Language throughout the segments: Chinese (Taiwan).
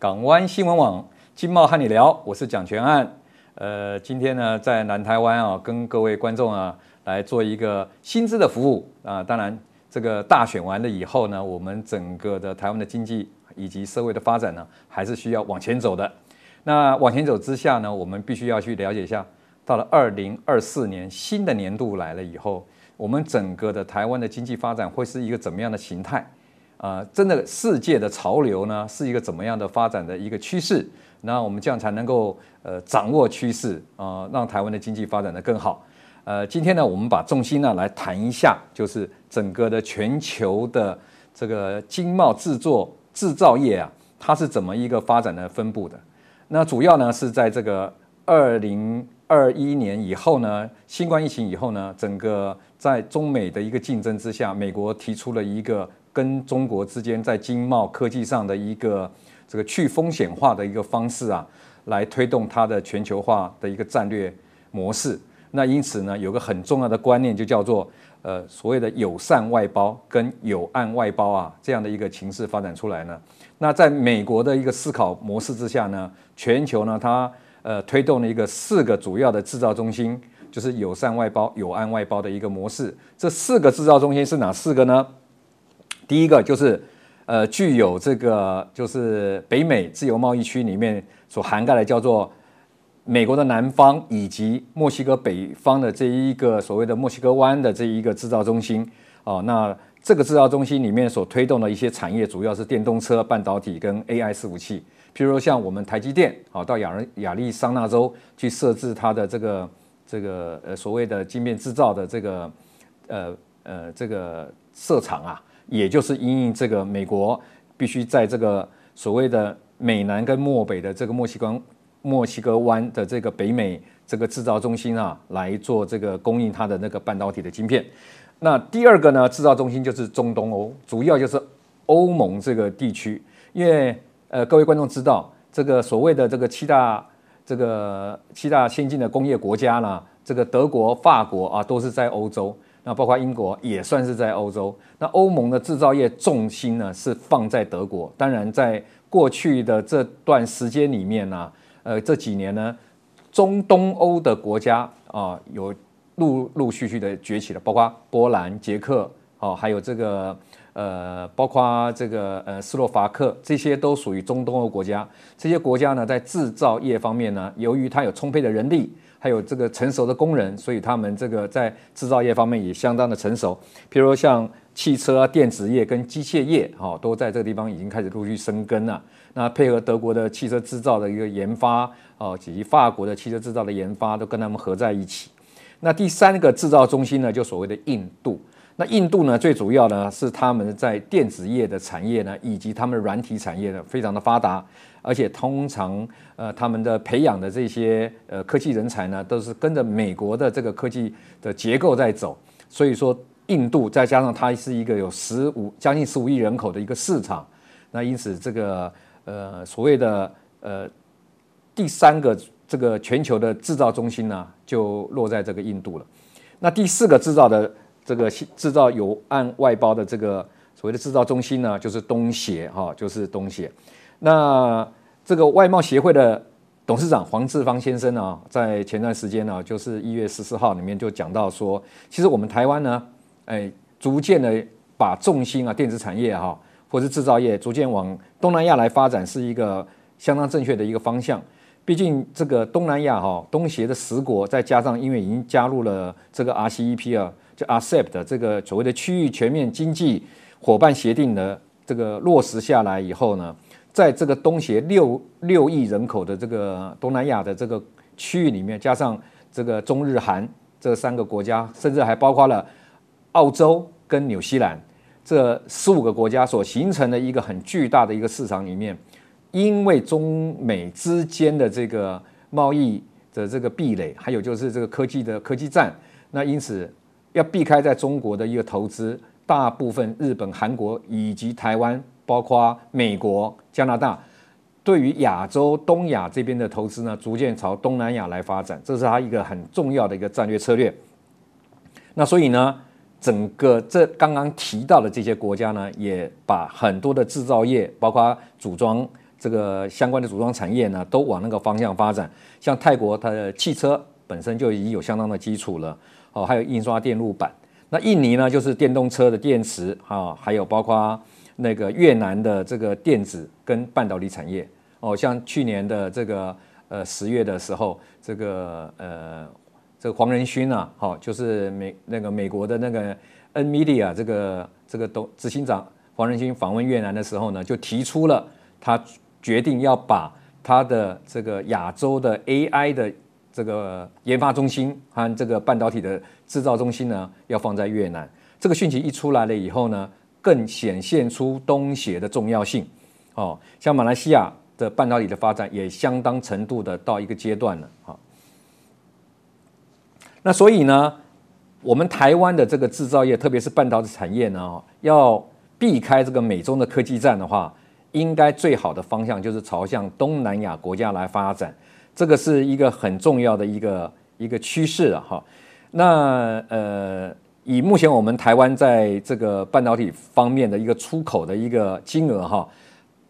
港灣新聞網，經貿瀚你聊，我是蔣權瀚。呃，今天呢，在南台灣啊，跟各位觀眾啊，來做一個薪資的服務啊。當然，這個大選完了以後呢，我們整個的台灣的經濟以及社會的發展呢，還是需要往前走的。那往前走之下呢，我們必須要去了解一下，到了二零二四年新的年度來了以後，我們整個的台灣的經濟發展會是一個怎麼樣的形態？啊、呃，真的世界的潮流呢，是一個怎麼樣的發展的一個趨勢？那我們這樣才能夠呃掌握趨勢啊、呃，讓台灣的經濟發展得更好。呃，今天呢，我們把重心呢來談一下，就是整個的全球的這個經貿制作製造業啊，它是怎麼一個發展的分布的？那主要呢是在這個二零二一年以後呢，新冠疫情以後呢，整個在中美的一個競爭之下，美國提出了一個。跟中國之間在經貿科技上的一個這個去風險化的一個方式啊，來推動它的全球化的一個戰略模式。那因此呢，有個很重要的觀念就叫做呃所謂的友善外包跟友岸外包啊，這樣的一個情勢發展出來呢。那在美國的一個思考模式之下呢，全球呢它呃推動了一個四個主要的製造中心，就是友善外包、友岸外包的一個模式。這四個製造中心是哪四個呢？第一個就是，呃，具有這個就是北美自由貿易區裡面所涵蓋的，叫做美國的南方以及墨西哥北方的這一個所謂的墨西哥灣的這一個製造中心啊、哦。那這個製造中心裡面所推動的一些產業，主要是電動車、半導體跟 AI 伺服器。譬如說，像我們台積電啊、哦，到亞人亞利桑那州去設置它的這個這個呃所謂的晶片製造的這個呃呃這個設廠啊。也就是因應這個美國必須在這個所謂的美南跟漠北的這個墨西哥墨西哥灣的這個北美這個制造中心啊，來做這個供應它的那個半導體的晶片。那第二個呢，制造中心就是中東歐，主要就是歐盟這個地區，因為呃各位觀眾知道這個所謂的這個七大這個七大先進的工業國家呢，這個德國、法國啊都是在歐洲。那包括英國也算是在歐洲。那歐盟的製造業重心呢是放在德國。當然，在過去的這段時間裡面呢、啊，呃，這幾年呢，中東歐的國家啊，有陸陸續續的崛起了，包括波蘭、捷克，哦、啊，還有這個呃，包括這個呃，斯洛伐克，這些都屬於中東歐國家。這些國家呢，在製造業方面呢，由於它有充沛的人力。還有這個成熟的工人，所以他們這個在製造業方面也相當的成熟。譬如，像汽車啊、電子業跟機械業哈、哦，都在這個地方已經開始陸續生根了。那配合德國的汽車製造的一個研發哦，以及法國的汽車製造的研發，都跟他們合在一起。那第三個製造中心呢，就所謂的印度。那印度呢，最主要呢是他們在電子業的產業呢，以及他們軟體產業呢，非常的發達。而且通常，呃，他們的培養的這些呃科技人才呢，都是跟着美國的這個科技的結構在走。所以說，印度再加上它是一個有十五將近十五億人口的一個市場，那因此這個呃所謂的呃第三個這個全球的制造中心呢，就落在這個印度了。那第四個制造的這個制造有按外包的這個所謂的制造中心呢，就是東協哈，就是東協。那這個外貿協會的董事長黃志芳先生呢、啊，在前段時間呢，就是一月十四號裡面就講到說，其實我們台灣呢，哎，逐漸的把重心啊，電子產業哈、啊，或是製造業逐漸往東南亞來發展，是一個相當正確的一個方向。畢竟這個東南亞哈，東協的十國，再加上因為已經加入了這個 RCEP 啊，叫 RCEP 的這個所謂的區域全面經濟夥伴協定的這個落實下來以後呢。在這個東協六六億人口的這個東南亞的這個區域裡面，加上這個中日韓這三個國家，甚至還包括了澳洲跟紐西蘭這十五個國家所形成的一個很巨大的一個市場裡面，因為中美之間的這個貿易的這個壁壘，還有就是這個科技的科技戰，那因此要避開在中國的一個投資，大部分日本、韓國以及台灣。包括美國、加拿大，對於亞洲、東亞這邊的投資呢，逐漸朝東南亞來發展，這是它一個很重要的一個戰略策略。那所以呢，整個這剛剛提到的這些國家呢，也把很多的製造業，包括組裝這個相關的組裝產業呢，都往那個方向發展。像泰國，它的汽車本身就已經有相當的基礎了，哦，還有印刷電路板。那印尼呢，就是電動車的電池啊，哦，還有包括。那個越南的這個電子跟半導體產業哦，像去年的這個呃十月的時候，這個呃，這個黃仁勳啊，好，就是美那個美國的那個 NVIDIA 這個這個董執行長黃仁勳訪問越南的時候呢，就提出了他決定要把他的這個亞洲的 AI 的這個研發中心和這個半導體的製造中心呢，要放在越南。這個訊息一出來了以後呢，更顯現出東協的重要性哦，像馬來西亞的半導體的發展也相當程度的到一個階段了啊。那所以呢，我們台灣的這個製造業，特別是半導體產業呢，要避開這個美中的科技戰的話，應該最好的方向就是朝向東南亞國家來發展。這個是一個很重要的一個一個趨勢了哈。那呃。以目前我們台灣在這個半導體方面的一個出口的一個金額哈，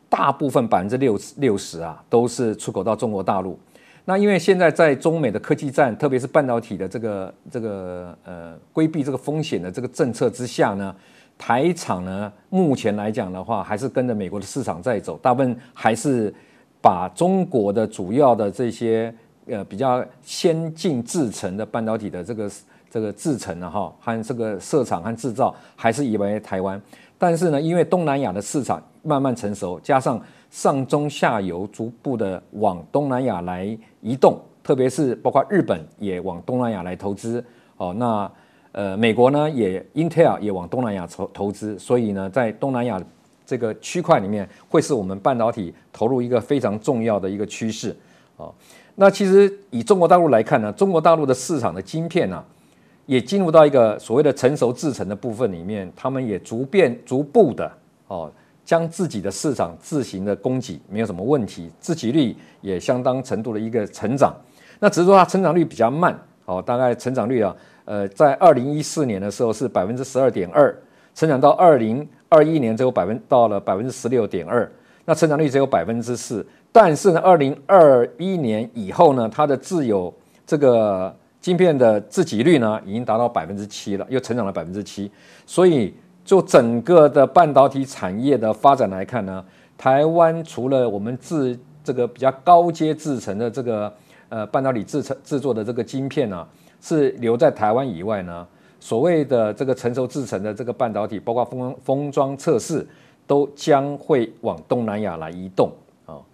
大部分百分之六十六十啊，都是出口到中國大陸。那因為現在在中美的科技戰，特別是半導體的這個這個呃規避這個風險的這個政策之下呢，台廠呢目前來講的話，還是跟着美國的市場在走，大部分還是把中國的主要的這些呃比較先進製程的半導體的這個。這個製程呢，哈，和這個設廠和製造還是以為台灣，但是呢，因為東南亞的市場慢慢成熟，加上上中下游逐步的往東南亞來移動，特別是包括日本也往東南亞來投資哦，那呃，美國呢也 Intel 也往東南亞投投資，所以呢，在東南亞這個區塊裡面，會是我們半導體投入一個非常重要的一個趨勢哦，那其實以中國大陸來看呢，中國大陸的市場的晶片呢、啊。也進入到一個所謂的成熟制程的部分裡面，他們也逐漸逐步的哦，將自己的市場自行的供給沒有什麼問題，自給率也相當程度的一個成長。那只是說它成長率比較慢，哦，大概成長率啊，呃，在二零一四年的時候是百分之十二點二，成長到二零二一年只有百分到了百分之十六點二，那成長率只有百分之四。但是呢，二零二一年以後呢，它的自有這個。晶片的自給率呢，已經達到百分之七了，又成長了百分之七。所以，就整個的半導體產業的發展來看呢，台灣除了我們製這個比較高階製程的這個呃半導體製成制作的這個晶片呢，是留在台灣以外呢，所謂的這個成熟製程的這個半導體，包括封封裝測試，都將會往東南亞來移動啊、哦。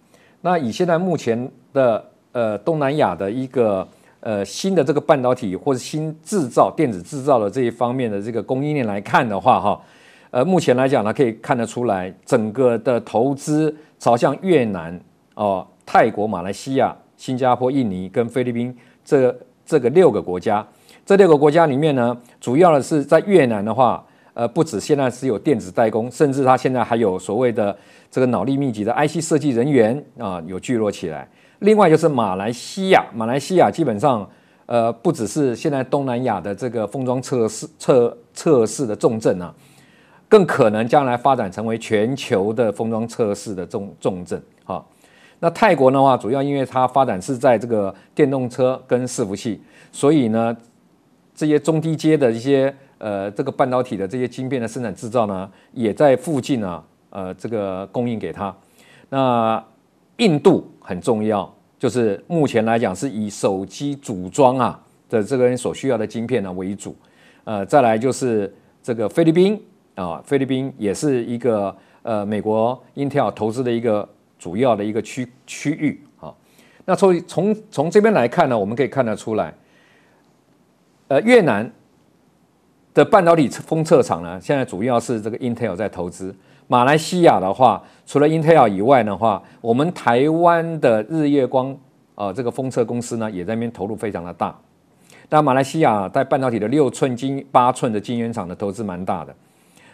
那以現在目前的呃東南亞的一個。呃，新的這個半導體或者新制造電子製造的這一方面的這個供應鏈來看的話，哈，呃，目前來講呢，可以看得出來，整個的投資朝向越南、哦、呃、泰國、馬來西亞、新加坡、印尼跟菲律賓這這個六個國家。這六個國家裡面呢，主要的是在越南的話，呃，不止現在只有電子代工，甚至它現在還有所謂的這個腦力密集的 IC 設計人員啊、呃，有聚落起來。另外就是馬來西亞，馬來西亞基本上，呃，不只是現在東南亞的這個封裝測試測測試的重鎮啊，更可能將來發展成為全球的封裝測試的重重鎮啊、哦。那泰國的話，主要因為它發展是在這個電動車跟伺服器，所以呢，這些中低階的一些呃這個半導體的這些晶片的生產制造呢，也在附近啊，呃，這個供應給它。那印度很重要，就是目前來講是以手機組裝啊的這個人所需要的晶片呢為主，呃，再來就是這個菲律賓啊、呃，菲律賓也是一個呃美國 Intel 投資的一個主要的一個區區域，好、哦，那從從從這邊來看呢，我們可以看得出來，呃，越南的半導體封測廠呢，現在主要是這個 Intel 在投資。馬來西亞的話，除了 Intel 以外的話，我們台灣的日月光，呃，這個封測公司呢，也在那邊投入非常的大。那馬來西亞在半導體的六寸晶，八寸的晶圓廠的投資蠻大的。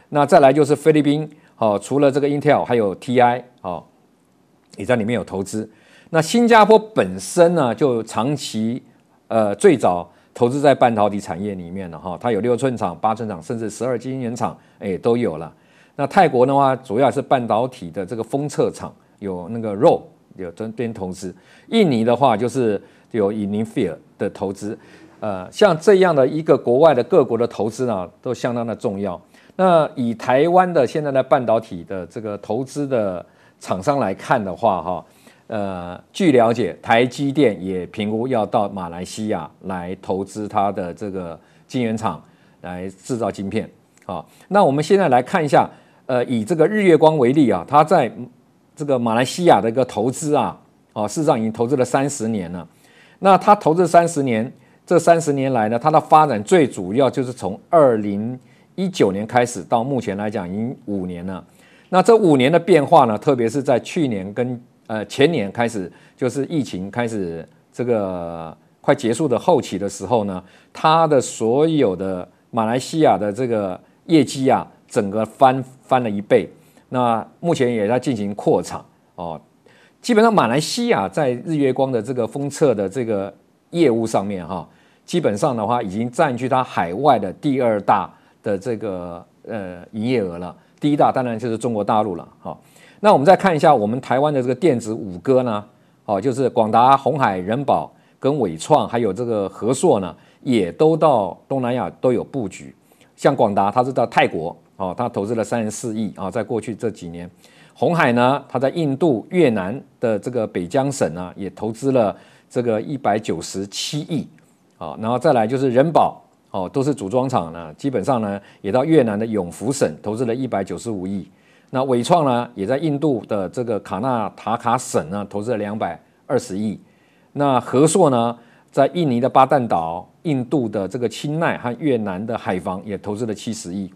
那再來就是菲律賓，哦，除了這個 Intel 還有 TI 哦，也在裡面有投資。那新加坡本身呢，就長期呃最早投資在半導體產業裡面的哈、哦，它有六寸廠、八寸廠，甚至十二晶圓廠，哎，都有了。那泰國的話，主要是半導體的這個封測廠有那個 RO 有這邊投資。印尼的話，就是有 Infineon 的投資。呃，像這樣的一個國外的各國的投資呢，都相當的重要。那以台灣的現在的半導體的這個投資的廠商來看的話，哈，呃，據了解，台積電也評估要到馬來西亞來投資它的這個晶圓廠，來制造晶片。好，那我們現在來看一下。呃，以這個日月光為例啊，它在這個馬來西亞的一個投資啊，哦、啊，事實上已經投資了三十年了。那它投資三十年，這三十年來呢，它的發展最主要就是從二零一九年開始，到目前來講，已經五年了。那這五年的變化呢，特別是在去年跟呃前年開始，就是疫情開始這個快結束的後期的時候呢，它的所有的馬來西亞的這個業績啊。整個翻翻了一倍，那目前也在進行擴產哦。基本上馬來西亞在日月光的這個封測的這個業務上面哈、哦，基本上的話已經占據它海外的第二大的這個呃營業額了。第一大當然就是中國大陸了哈、哦。那我們再看一下我們台灣的這個電子五哥呢，哦，就是廣達、鴻海、仁寶、跟緯創，還有這個和碩呢，也都到東南亞都有布局。像廣達，它是到泰國。哦，他投資了三十四億啊！在過去這幾年，鴻海呢，他在印度、越南的這個北江省呢，也投資了這個一百九十七億。好、哦，然後再來就是仁寶，哦，都是組裝廠呢，基本上呢，也到越南的永福省投資了一百九十五億。那緯創呢，也在印度的這個卡納塔卡省呢，投資了兩百二十億。那和碩呢，在印尼的巴淡島、印度的這個欽奈和越南的海防也投資了七十億。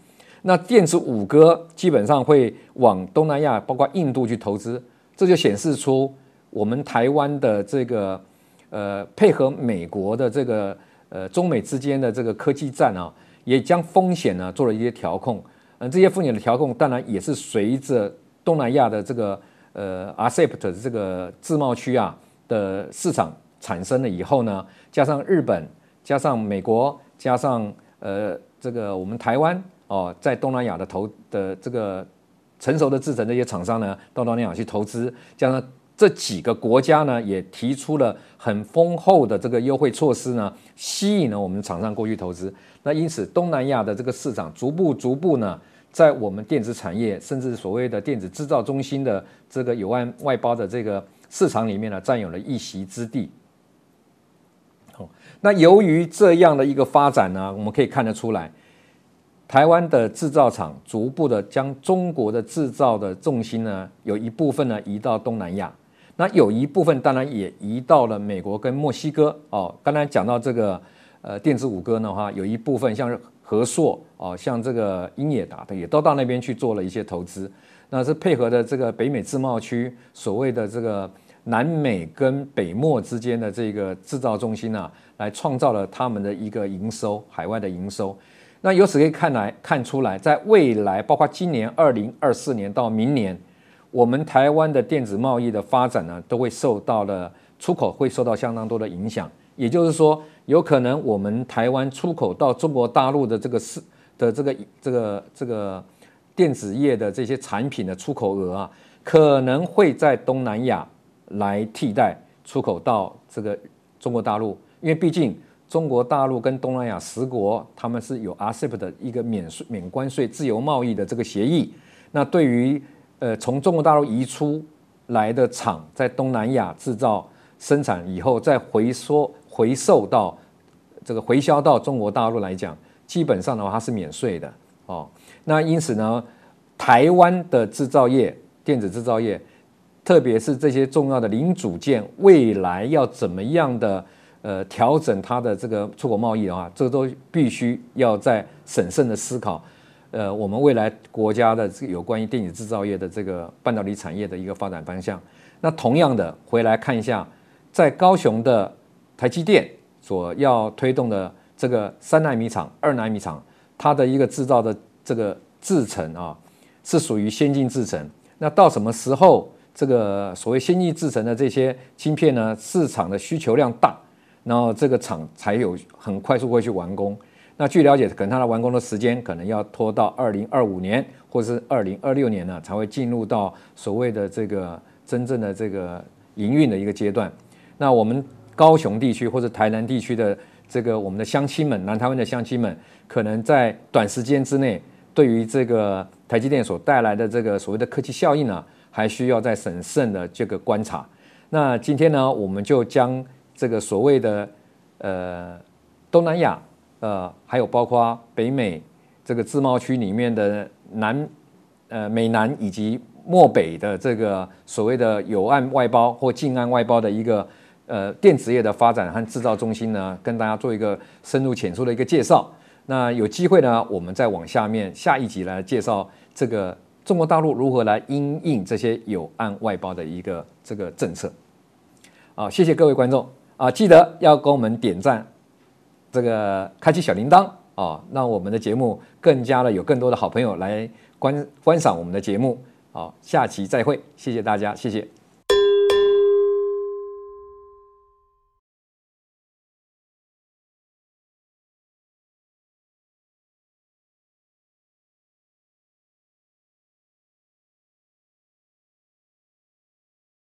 那電子五哥基本上會往東南亞，包括印度去投資，這就顯示出我們台灣的這個，呃，配合美國的這個，呃，中美之間的這個科技戰啊，也將風險呢做了一些調控。嗯，這些風險的調控，當然也是隨着東南亞的這個，呃，RCEP 這個自貿區啊的市場產生了以後呢，加上日本，加上美國，加上呃，這個我們台灣。哦，在東南亞的投的這個成熟的製程這些廠商呢到東，東南亞去投資，加上這幾個國家呢也提出了很豐厚的這個優惠措施呢，吸引了我們廠商過去投資。那因此，東南亞的這個市場逐步逐步呢，在我們電子產業，甚至所謂的電子製造中心的這個有外外包的這個市場裡面呢，占有了一席之地。那由於這樣的一個發展呢，我們可以看得出來。台灣的製造廠逐步的將中國的製造的重心呢，有一部分呢移到東南亞，那有一部分當然也移到了美國跟墨西哥哦。剛才講到這個，呃，電子五哥的話，有一部分像和碩哦，像這個英業達的，也都到那邊去做了一些投資。那是配合的這個北美自貿區所謂的這個南美跟北墨之間的這個製造中心啊，來創造了他們的一個營收，海外的營收。那由此可以看來看出來，在未來，包括今年二零二四年到明年，我們台灣的電子貿易的發展呢，都會受到了出口會受到相當多的影響。也就是說，有可能我們台灣出口到中國大陸的這個市的這個這個這個電子業的這些產品的出口額啊，可能會在東南亞來替代出口到這個中國大陸，因為畢竟。中國大陸跟東南亞十國，他們是有 RCEP 的一個免稅、免關稅、自由貿易的這個協議。那對於呃，從中國大陸移出來的廠，在東南亞制造、生產以後，再回縮、回收到這個回銷到中國大陸來講，基本上的話它是免稅的哦。那因此呢，台灣的制造業、電子製造業，特別是這些重要的零組件，未來要怎麼樣的？呃，調整它的這個出口貿易的話，這都必須要再審慎的思考。呃，我們未來國家的這個有關於電子製造業的這個半導體產業的一個發展方向。那同樣的，回來看一下，在高雄的台積電所要推動的這個三奈米廠、二奈米廠，它的一個製造的這個製程啊，是屬於先進製程。那到什麼時候，這個所謂先進製程的這些晶片呢，市場的需求量大？然後這個廠才有很快速會去完工。那據了解，可能它的完工的時間可能要拖到二零二五年或是二零二六年呢，才會進入到所謂的這個真正的這個營運的一個階段。那我們高雄地區或者台南地區的這個我們的鄉親們，南台灣的鄉親們，可能在短時間之內，對於這個台積電所帶來的這個所謂的科技效應呢，還需要再審慎的這個觀察。那今天呢，我們就將。這個所謂的呃東南亞，呃還有包括北美這個自貿區裡面的南呃美南以及墨北的這個所謂的友岸外包或近岸外包的一個呃電子業的發展和制造中心呢，跟大家做一個深入淺出的一個介紹。那有機會呢，我們再往下面下一集來介紹這個中國大陸如何來因應這些友岸外包的一個這個政策。好，謝謝各位觀眾。啊，記得要給我們點讚，這個開啟小鈴鐺啊、哦，讓我們的節目更加的有更多的好朋友來觀觀賞我們的節目啊、哦，下期再會，謝謝大家，謝謝。